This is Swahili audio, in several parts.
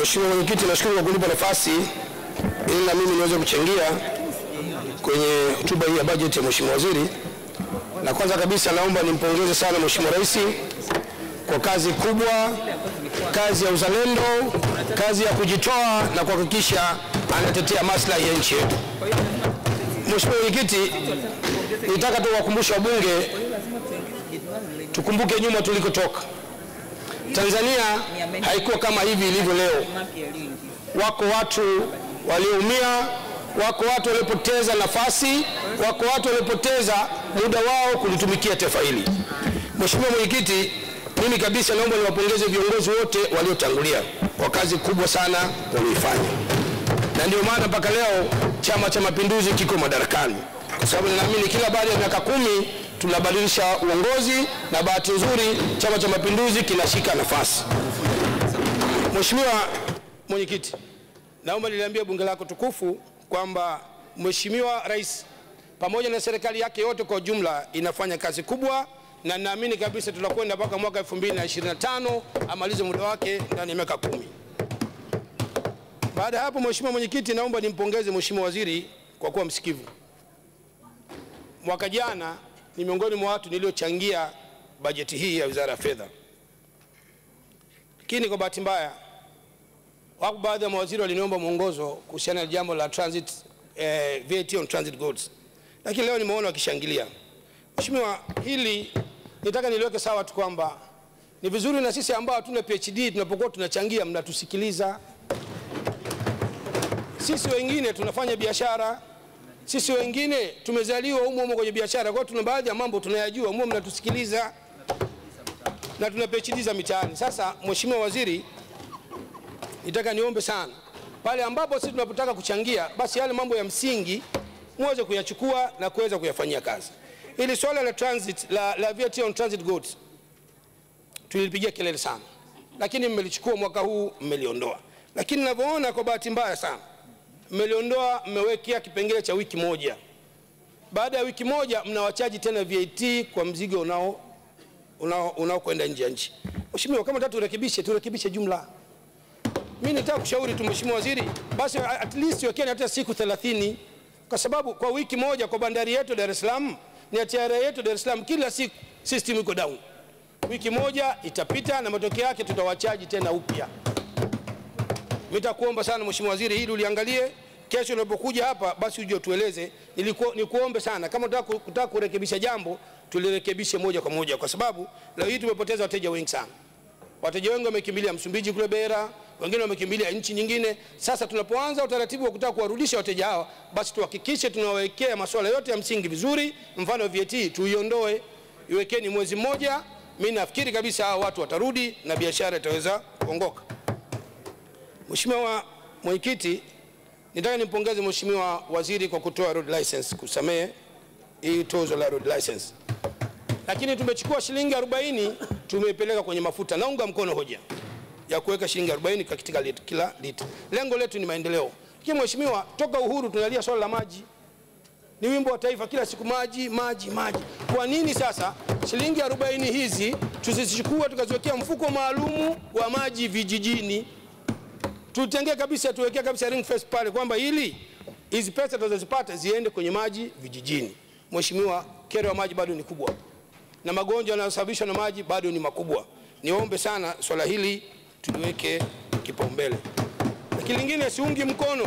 Mheshimiwa Mwenyekiti, nashukuru kwa kunipa nafasi ili na mimi niweze kuchangia kwenye hotuba hii ya bajeti ya Mheshimiwa Waziri. Na kwanza kabisa naomba nimpongeze sana Mheshimiwa Rais kwa kazi kubwa, kazi ya uzalendo, kazi ya kujitoa na kuhakikisha anatetea maslahi ya nchi yetu. Mheshimiwa Mwenyekiti, nitaka tu kuwakumbusha wabunge tukumbuke nyuma tulikotoka Tanzania haikuwa kama hivi ilivyo leo. Wako watu walioumia, wako watu waliopoteza nafasi, wako watu waliopoteza muda wao kulitumikia taifa hili. Mheshimiwa Mwenyekiti, mimi kabisa naomba niwapongeze viongozi wote waliotangulia kwa kazi kubwa sana walioifanya, na ndio maana mpaka leo Chama cha Mapinduzi kiko madarakani, kwa sababu ninaamini kila baada ya miaka kumi tunabadilisha uongozi na bahati nzuri Chama cha Mapinduzi kinashika nafasi. Mheshimiwa Mwenyekiti, naomba niliambia bunge lako tukufu kwamba Mheshimiwa Rais pamoja na serikali yake yote kwa ujumla inafanya kazi kubwa na naamini kabisa tutakwenda mpaka mwaka 2025 amalize muda wake ndani ya miaka kumi. Baada ya hapo, Mheshimiwa Mwenyekiti, naomba nimpongeze Mheshimiwa Waziri kwa kuwa msikivu. Mwaka jana ni miongoni mwa watu niliochangia bajeti hii ya Wizara ya Fedha. Lakini kwa bahati mbaya, wapo baadhi ya mawaziri waliniomba mwongozo kuhusiana na jambo la transit, eh, VAT on transit goods, lakini leo nimeona wakishangilia. Mheshimiwa, hili nitaka niliweke sawa tu kwamba ni vizuri na sisi ambao hatuna PhD tunapokuwa tunachangia mnatusikiliza. Sisi wengine tunafanya biashara sisi wengine tumezaliwa humo humo kwenye biashara, kwa tuna baadhi ya mambo tunayajua humo, mnatusikiliza na tunapechiliza mitaani. Sasa Mheshimiwa Waziri, nitaka niombe sana pale ambapo sisi tunapotaka kuchangia, basi yale mambo ya msingi muweze kuyachukua na kuweza kuyafanyia kazi. Ili swala la transit la, la VAT on transit goods tulilipigia kelele sana, lakini mmelichukua mwaka huu, mmeliondoa, lakini ninavyoona kwa bahati mbaya sana mmeliondoa, mmewekea kipengele cha wiki moja. Baada ya wiki moja, mnawachaji tena VAT kwa mzigo unao unaokwenda unao nje ya nchi. Mheshimiwa, kama tatu turekebishe, turekebishe jumla. Mimi nitaka kushauri tu Mheshimiwa Waziri, basi at least wekeni hata siku 30 kwa sababu kwa wiki moja kwa bandari yetu Dar es Salaam ni atiara yetu Dar es Salaam kila siku system iko down. Wiki moja itapita na matokeo yake tutawachaji tena upya. Mitakuomba sana Mheshimiwa Waziri hili uliangalie kesho unapokuja hapa basi uje tueleze. Nikuombe sana, kama unataka kurekebisha jambo tulirekebishe moja kwa moja, kwa sababu leo hii tumepoteza wateja wengi sana. Wateja wengi wamekimbilia Msumbiji kule Beira, wengine wamekimbilia nchi nyingine. Sasa tunapoanza utaratibu wa kutaka kuwarudisha wateja hawa, basi tuhakikishe tunawawekea masuala yote ya msingi vizuri. Mfano VAT tuiondoe, iwekeni mwezi mmoja. Mimi nafikiri kabisa hawa watu watarudi na biashara itaweza kuongoka. Mheshimiwa Mwenyekiti, Nitaka nimpongeze Mheshimiwa Waziri kwa kutoa road license, kusamehe hii tozo la road license, lakini tumechukua shilingi 40 tumeipeleka kwenye mafuta. Naunga mkono hoja ya kuweka shilingi 40 katika lit, kila lita. Lengo letu ni maendeleo. Lakini mheshimiwa, toka uhuru tunalia swala la maji, ni wimbo wa taifa kila siku, maji maji maji. Kwa nini sasa shilingi 40 hizi tusizichukua tukaziwekea mfuko maalumu wa maji vijijini? tutengee kabisa, tuwekee kabisa ring fence pale kwamba hili hizi pesa tunazozipata ziende kwenye maji vijijini. Mheshimiwa, kero ya maji bado ni kubwa na magonjwa yanayosababishwa na maji bado ni makubwa. Niombe sana swala hili tuliweke kipaumbele. Lakini lingine, siungi mkono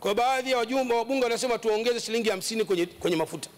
kwa baadhi ya wajumbe wabunge wanasema tuongeze shilingi hamsini kwenye, kwenye mafuta.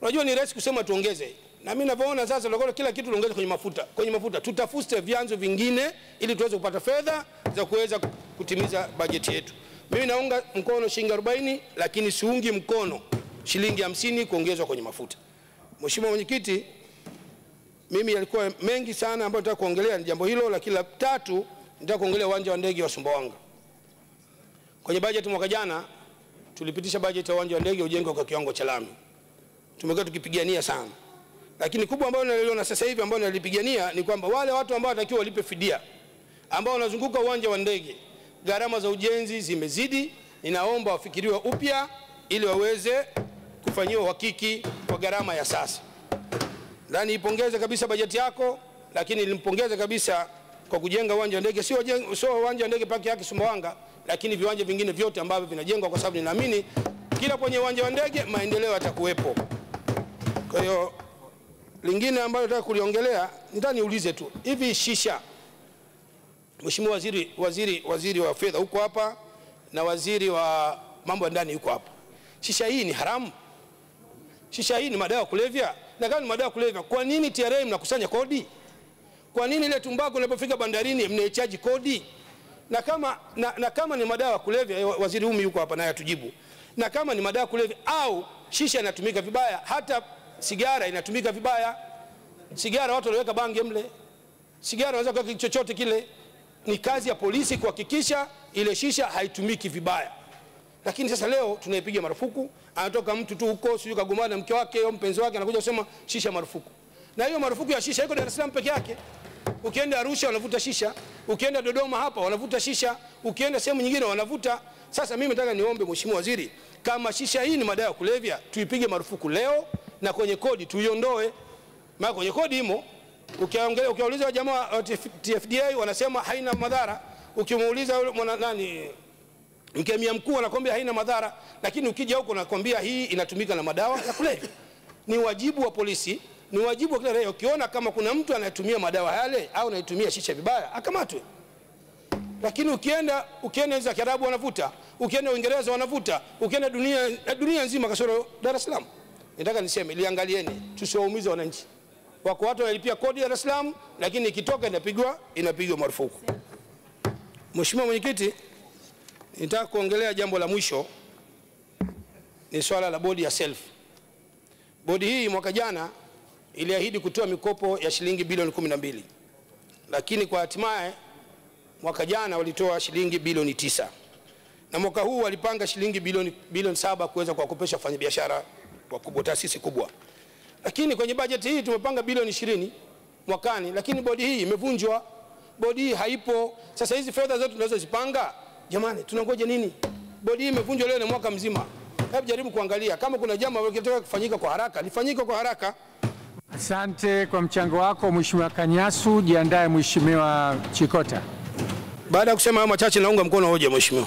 Unajua ni rahisi kusema tuongeze, na mimi ninavyoona sasa, lokolo kila kitu tunaongeza kwenye mafuta, kwenye mafuta. Tutafute vyanzo vingine ili tuweze kupata fedha za kuweza kutimiza bajeti yetu. Mimi naunga mkono shilingi 40, lakini siungi mkono shilingi hamsini kuongezwa kwenye mafuta. Mheshimiwa Mwenyekiti, mimi yalikuwa mengi sana ambayo nataka kuongelea ni jambo hilo, lakini la tatu nataka kuongelea uwanja wa ndege wa Sumbawanga. Kwenye bajeti mwaka jana tulipitisha bajeti ya uwanja wa ndege ujengwe kwa kiwango cha lami. Tumekuwa tukipigania sana lakini kubwa ambayo naliona sasa hivi ambayo nalipigania ni kwamba wale watu ambao watakiwa walipe fidia ambao wanazunguka uwanja wa ndege, gharama za ujenzi zimezidi, ninaomba wafikiriwe upya ili waweze kufanyiwa uhakiki kwa gharama ya sasa. Na niipongeze kabisa bajeti yako, lakini nimpongeze kabisa kwa kujenga uwanja wa ndege, sio sio uwanja wa ndege peke yake Sumbawanga, lakini viwanja vingine vyote ambavyo vinajengwa, kwa sababu ninaamini kila kwenye uwanja wa ndege maendeleo yatakuwepo. Kwa hiyo Lingine ambalo nataka kuliongelea, nataka niulize tu hivi shisha. Mheshimiwa waziri, waziri, waziri wa fedha huko hapa na waziri wa mambo ya ndani yuko hapa. Shisha hii ni haramu? Shisha hii ni madawa ya kulevya? Na kama ni madawa ya kulevya, kwa nini TRA mnakusanya kodi? Kwa nini ile tumbako inapofika bandarini mnaichaji kodi? Na kama, na, na kama ni madawa ya kulevya, eh, waziri Umi yuko hapa naye atujibu, na kama ni madawa ya kulevya au shisha inatumika vibaya hata sigara inatumika vibaya, sigara watu waliweka bange mle, sigara wanaweza kuweka chochote kile. Ni kazi ya polisi kuhakikisha ile shisha haitumiki vibaya, lakini sasa leo tunaipiga marufuku. Anatoka mtu tu huko, sijui kagombana na mke wake au mpenzi wake, anakuja kusema shisha marufuku. Na hiyo marufuku ya shisha iko Dar es Salaam peke yake. Ukienda Arusha wanavuta shisha, ukienda Dodoma hapa wanavuta shisha, ukienda sehemu nyingine wanavuta. Sasa mimi nataka niombe Mheshimiwa Waziri, kama shisha hii ni madawa ya kulevya, tuipige marufuku leo na kwenye kodi tuiondoe, maana kwenye kodi imo. Ukiwauliza wajamaa wa TFDA wanasema haina madhara, ukimuuliza yule mwana nani mkemia mkuu anakwambia haina madhara, lakini ukija huko nakwambia hii inatumika na madawa ya kulevya. Ni wajibu wa polisi, ni wajibu wa kila raia, ukiona kama kuna mtu anayetumia madawa yale au anayetumia shisha vibaya akamatwe. Lakini ukienda ukienda za Kiarabu wanavuta, ukienda Uingereza wanavuta, ukienda dunia, dunia nzima kasoro Dar es Salaam. Nataka niseme liangalieni, tusiwaumize wananchi. Wako watu wanalipia kodi ya Dar es Salaam, lakini ikitoka inapigwa inapigwa marufuku. Mheshimiwa Mwenyekiti, nitaka kuongelea jambo la mwisho, ni swala la bodi ya self. Bodi hii mwaka jana iliahidi kutoa mikopo ya shilingi bilioni mbili lakini kwa hatimaye mwaka jana walitoa shilingi bilioni tisa na mwaka huu walipanga shilingi bilioni, bilioni saba kuweza kuwakopesha wafanyabiashara wakubwa, taasisi kubwa. Lakini kwenye bajeti hii tumepanga bilioni ishirini mwakani, lakini bodi hii imevunjwa, bodi hii haipo. Sasa hizi fedha zote tunazozipanga, jamani, tunangoja nini? Bodi hii imevunjwa leo na mwaka mzima. Hebu jaribu kuangalia kama kuna jambo ambalo kinataka kufanyika kwa haraka, lifanyike kwa haraka. Asante kwa mchango wako Mheshimiwa Kanyasu. Jiandae Mheshimiwa Chikota. Baada ya kusema hayo machache, naunga mkono hoja Mheshimiwa.